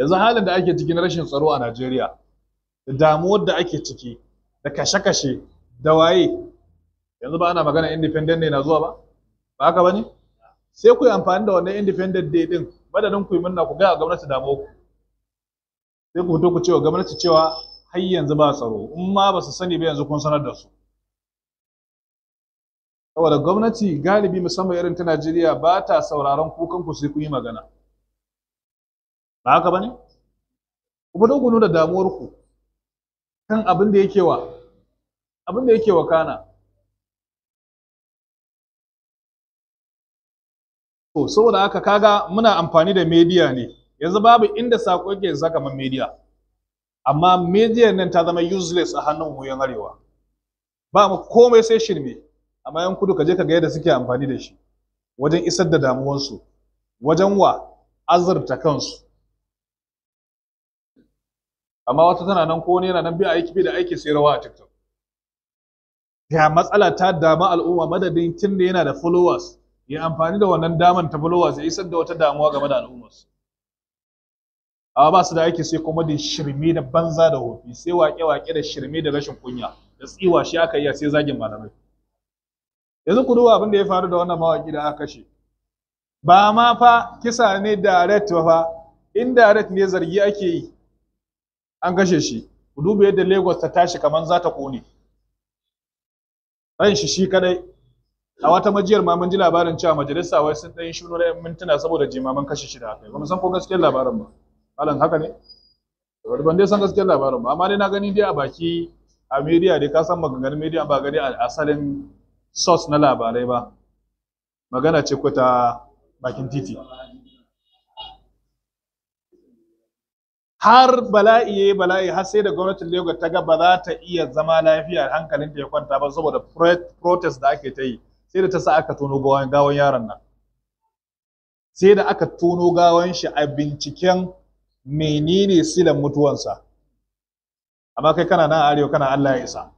yanzu halin da ake cikin rashin tsaro a Najeriya da damuwar da ake ciki da kashe-kashe da waye yanzu ba ana magana independent ne na zuwa ba ba haka bane sai ku yi amfani da wannan independent day din madadin ku yi murna ku ga gwamnati damuwa ku sai ku fito ku cewa gwamnati cewa har yanzu ba tsaro in ma ba su sani ba yanzu kun sanar da su saboda gwamnati galibi musamman irin ta Najeriya ba ta sauraron kukan ku sai kun yi magana ba haka bane kuma don da damuwar ku kan abin da yake wa abin da yake wa kana to saboda haka kaga muna amfani da media ne yanzu babu inda sako yake zaka kamar media amma media nan ta zama useless a hannun wuyan arewa ba mu komai sai shirme amma yan kudu ka je ka ga yadda suke amfani da shi wajen isar da damuwarsu wajen wa azurta kansu amma wata tana nan ko wani yana nan bi aiki bi da aiki sai rawa a TikTok Ya matsala ta dama al'umma madadin tun da yana da followers ya amfani da wannan daman ta followers ya isar da wata damuwa game da al'umma amma ba su da aiki sai kuma da shirme da banza da hofi sai wake-wake da shirme da rashin kunya da tsiwa shi aka yi sai zagin malamai yanzu ku duba abin da ya faru da wannan mawaki da aka kashe ba ma fa kisa ne direct ba fa indirect ne zargi ake yi an kashe shi ku duba yadda Lagos ta tashi kamar za ta kone ran shi shi kadai a wata majiyar ma mun ji labarin cewa majalisa wai sun dan shi 'yan mintuna saboda jimaman kashe shi da haka. ba mu san ko gaskiyar labarin ba alan haka ne wani ban dai san gaskiyar labarin ba amma dai na gani dai a baki a media dai ka san maganganun media ba gani a asalin source na labarai ba magana ce ko ta bakin titi har bala'i ya yi bala'i har sai da gwamnatin Lagos ta ga ba za ta iya zama lafiya da ya kwanta ba saboda protest da ake ta yi sai da ta sa aka tono gawan yaron nan sai da aka tono gawan shi a binciken menene silan mutuwansa amma kai kana nan arewa kana Allah ya isa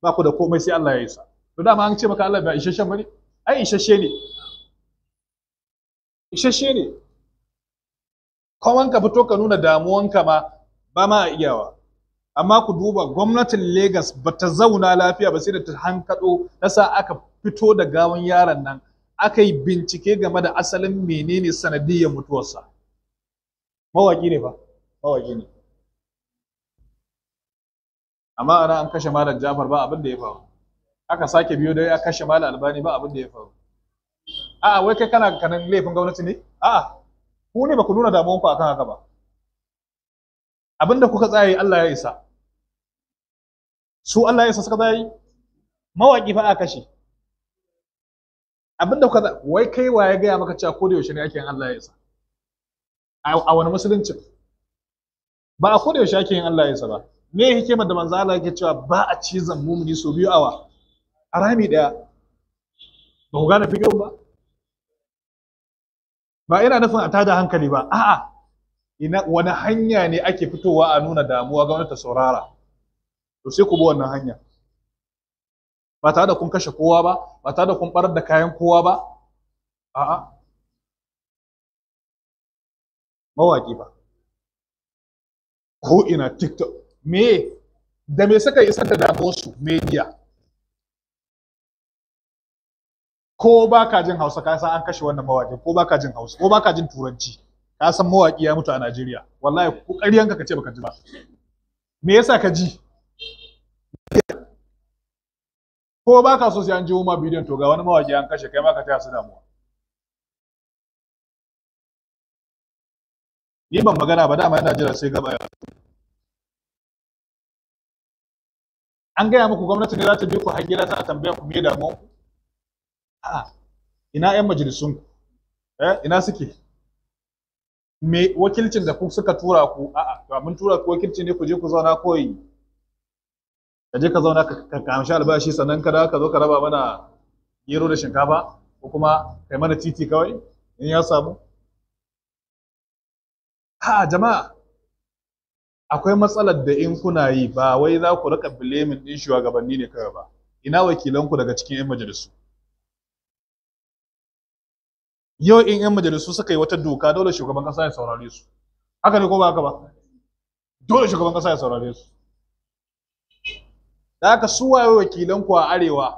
ba ku da komai sai Allah ya isa to dama an ce maka Allah ba isasshen bane ai isasshe ne isasshe ne koman ka fito ka nuna damuwanka ma ba ma a iyawa amma ku duba gwamnatin Legas ba ta zauna lafiya ba sai da ta hankado na sa aka fito da gawan yaron nan aka yi bincike game da asalin menene sanadiyyar mutuwarsa mawaƙi ne ba mawaƙi ne amma ana an kashe malam Jafar ba abin da ya faru aka sake biyo da ya kashe malam Albani ba abin da ya faru a'a wai kai kana kanan laifin gwamnati ne a'a ku ne ba ku nuna damuwanku akan haka ba abinda kuka tsaye Allah ya isa su Allah ya isa suka tsaye mawaƙi fa a kashe abinda kuka tsaye wai kai wa ya gaya maka cewa ko da yaushe ne ake yin Allah ya isa a wani musulunci ba a ko da yaushe ake yin Allah ya isa ba me hikimar da manzo Allah yake cewa ba a cizon mumuni so biyu awa a rami daya ba ku gane fikirin ba ba ina nufin a tada hankali ba a'a ina wani hanya ne ake fitowa a nuna damuwa ga ta saurara to sai ku bi wannan hanya ba tare da kun kashe kowa ba ba tare da kun barar da kayan kowa ba a'a mawaki ba ko ina tiktok me da me suka isar da damuwarsu media ko ba ka jin hausa ka san an kashe wannan mawaƙin ko ba ka jin hausa ko ba ka jin turanci ka san mawaƙi ya mutu a najeriya wallahi ko ƙaryanka ka ce baka ji ba me yasa ka ji ko ba ka so sai an jiwo ma bidiyon to ga wani mawaƙi an kashe kai ma ka taya su damuwa ni ban magana ba dama yana jira sai gaba ya an gaya muku gwamnati ne za ta bi ku har ta tambaya ku me damuwa a'a ina yan majalisun eh ina suke me wakilcin da suka tura ku a'a to mun tura ku wakilci ne ku je ku zauna koyi ka je ka zauna ka kamshi albashi sannan ka dawo ka zo ka raba mana gero da shinkafa ko kuma kai mana titi kawai in ya samu ha jama'a akwai matsalar da in kuna yi ba wai za ku rika blaming din shugabanni ne kawai ba ina wakilanku daga cikin 'yan majalisu yau in yan majalisu suka yi wata doka dole shugaban kasa ya saurare su haka ne ko ba haka ba dole shugaban kasa ya saurare su da haka su waye wakilan ku a arewa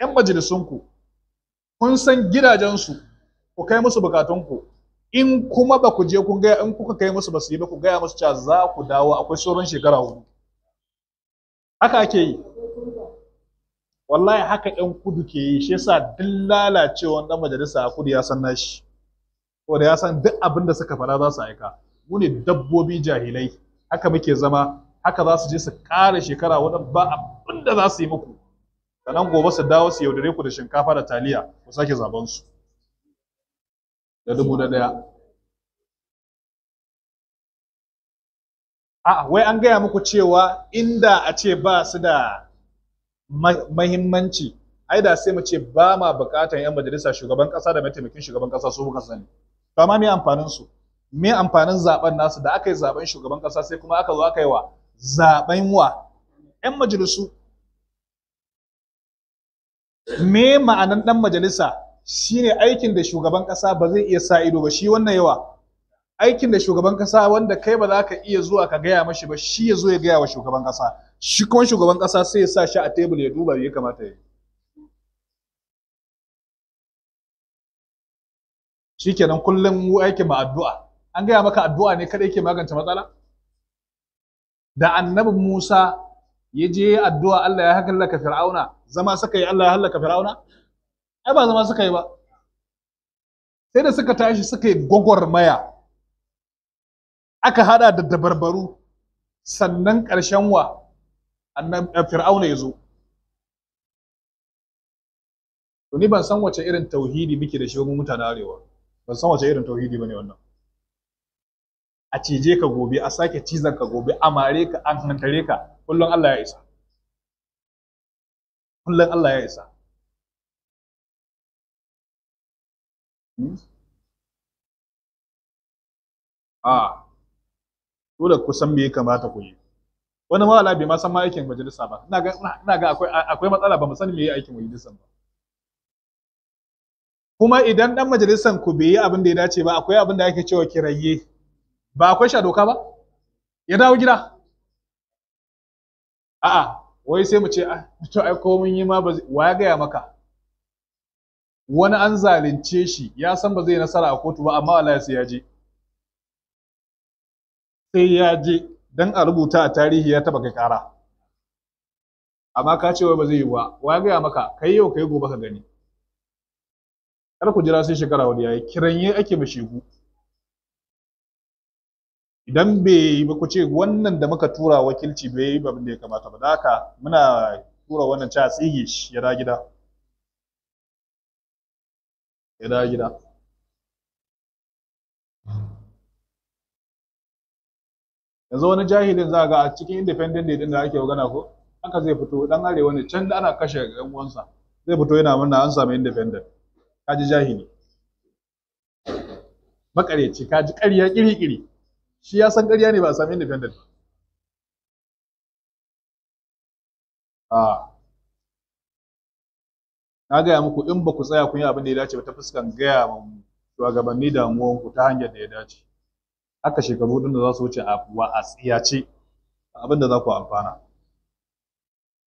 yan majalisun ku kun san gidajensu ku kai musu bukatun ku in kuma ba ku je kun gaya in kuka kai musu ba su yi ba ku gaya musu cewa za ku dawo akwai sauran shekara hudu haka ake yi wallahi haka yan kudu ke yi shi yasa duk lalacewan ɗan majalisa a kudu ya san nashi ko da ya san duk abin da suka fara za su aika mu ne dabbobi jahilai haka muke zama haka za su je su ƙara shekara wadan ba abin da za su yi muku sannan gobe su dawo su yaudare ku da shinkafa da taliya ku sake zaben su da dubu da ɗaya a wai an gaya muku cewa inda a ce ba su da mahimmanci ai da sai mu ce ba ma bukatan yan majalisa shugaban kasa da mataimakin shugaban kasa su kuka sani to amma me amfanin su me amfanin zaben nasu da aka yi zaben shugaban kasa sai kuma aka zo aka yi wa zaben wa yan majalisu me ma'anan dan majalisa shine aikin da shugaban kasa ba zai iya sa ido ba shi wannan yawa aikin da shugaban kasa wanda kai ba za ka iya zuwa ka gaya mashi ba shi ya zo ya gaya wa shugaban kasa shi kuma shugaban ƙasa sai ya sa shi a tebul ya duba ya kamata ya yi shi kenan kullum mu aikin ma addu'a an gaya maka addu'a ne kada ke magance matsala da annabi Musa ya je addu'a Allah ya halaka Fir'auna zama suka yi Allah ya halaka Fir'auna ai ba zama suka yi ba sai da suka tashi suka yi gwagwarmaya aka hada da dabarbaru sannan ƙarshen wa Eh, fir'auna ya zo to ni ban san wace irin tauhidi muke da shi ba mutanen arewa ban san wace irin tauhidi bane wannan a cije ka gobe a sake cizon ka gobe a mare ka an hantare ka kullum Allah ya isa kullum Allah ya isa hmm? a ah. dole ku san me ya kamata ku yi wani mawala bai ma san ma aikin majalisa ba ina ga ina ga akwai akwai matsala ba mu sani me yi aikin majalisan ba kuma idan dan majalisan ku bai yi abin da ya dace ba akwai abin da ake cewa kiraye. ba akwai sha doka ba ya dawo gida a'a wai sai mu ce ah, to ai ko mun yi ma ba wa ya gaya maka wani an zalunce shi ya san ba zai nasara a kotu ba amma Allah sai ya je sai ya je dan a rubuta a tarihi ya taba kai kara amma ka ce wai ba zai yi ba wa gaya maka kai yau kai gobe ka gani kar ku jira sai shekara wani yayi kiranye ake ba shegu idan bai ba ku ce wannan da muka tura wakilci bai yi da ya kamata ba da haka muna tura wannan cha tsige shi ya da gida ya da gida yanzu wani jahilin za ga a cikin independent day din da ake magana ko haka zai fito dan arewa ne can da ana kashe yan uwansa zai fito yana murna an samu independent kaji jahili makareci kaji ƙarya kiri-kiri shi ya san ƙarya ne ba a samu independent ba ah. na gaya muku in ba ku tsaya kun yi abin da ya dace ba ta fuskan gaya ma shugabanni damuwanku ta hanyar da ya dace Haka shekaru ɗin da za su wuce a wa a ce, abin da za ku amfana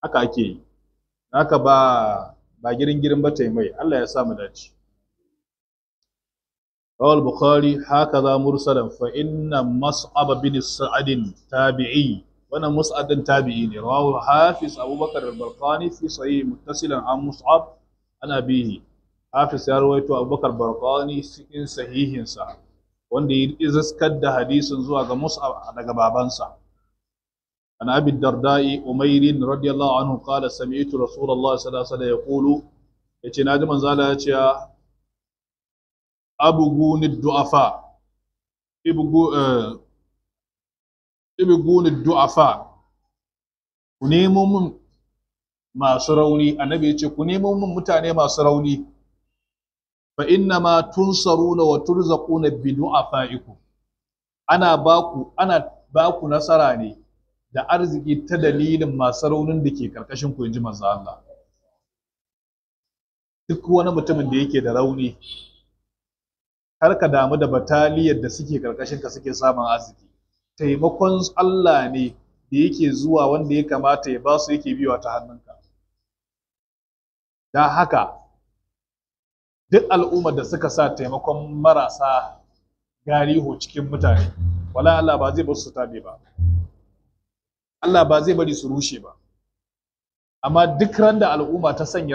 haka ake yi haka ba ba girin girin ba ta mai Allah ya sa mu dace Rawal Bukhari haka za mursalan fa inna mas'ab bin sa'ad tabi'i wannan mus'ab din tabi'i ne rawu hafiz abubakar al-barqani fi sahih muttasilan an mus'ab ana bihi hafiz ya rawaito abubakar al cikin sahihinsa wanda ya iziskar da hadisin zuwa ga Mus'ab daga babansa an abi dardai umair radiyallahu anhu qala sami'tu rasulullahi sallallahu alaihi wasallam yaqulu yace naji manzo Allah ya ce abuguni du'afa ibgu eh, ibguni du'afa ku nemo mun masu rauni annabi ya ce ku nemo mun mutane masu rauni fa inna ma tunsaruna wa turzaquna bi du'afaikum ana baku ana baku nasara ne da arziki ta dalilin masu raunin da ke karkashin ku inji manzo Allah duk wani mutumin da yake da rauni kar ka damu da bataliyar da suke karkashin ka suke samun arziki taimakon Allah ne da yake zuwa wanda ya kamata ya ba su yake biwa ta hannunka don haka duk al'ummar da suka sa taimakon marasa galihu cikin mutane wala Allah ba zai bar su tabe ba Allah ba zai bari su rushe ba amma duk ran da al'umma ta sanya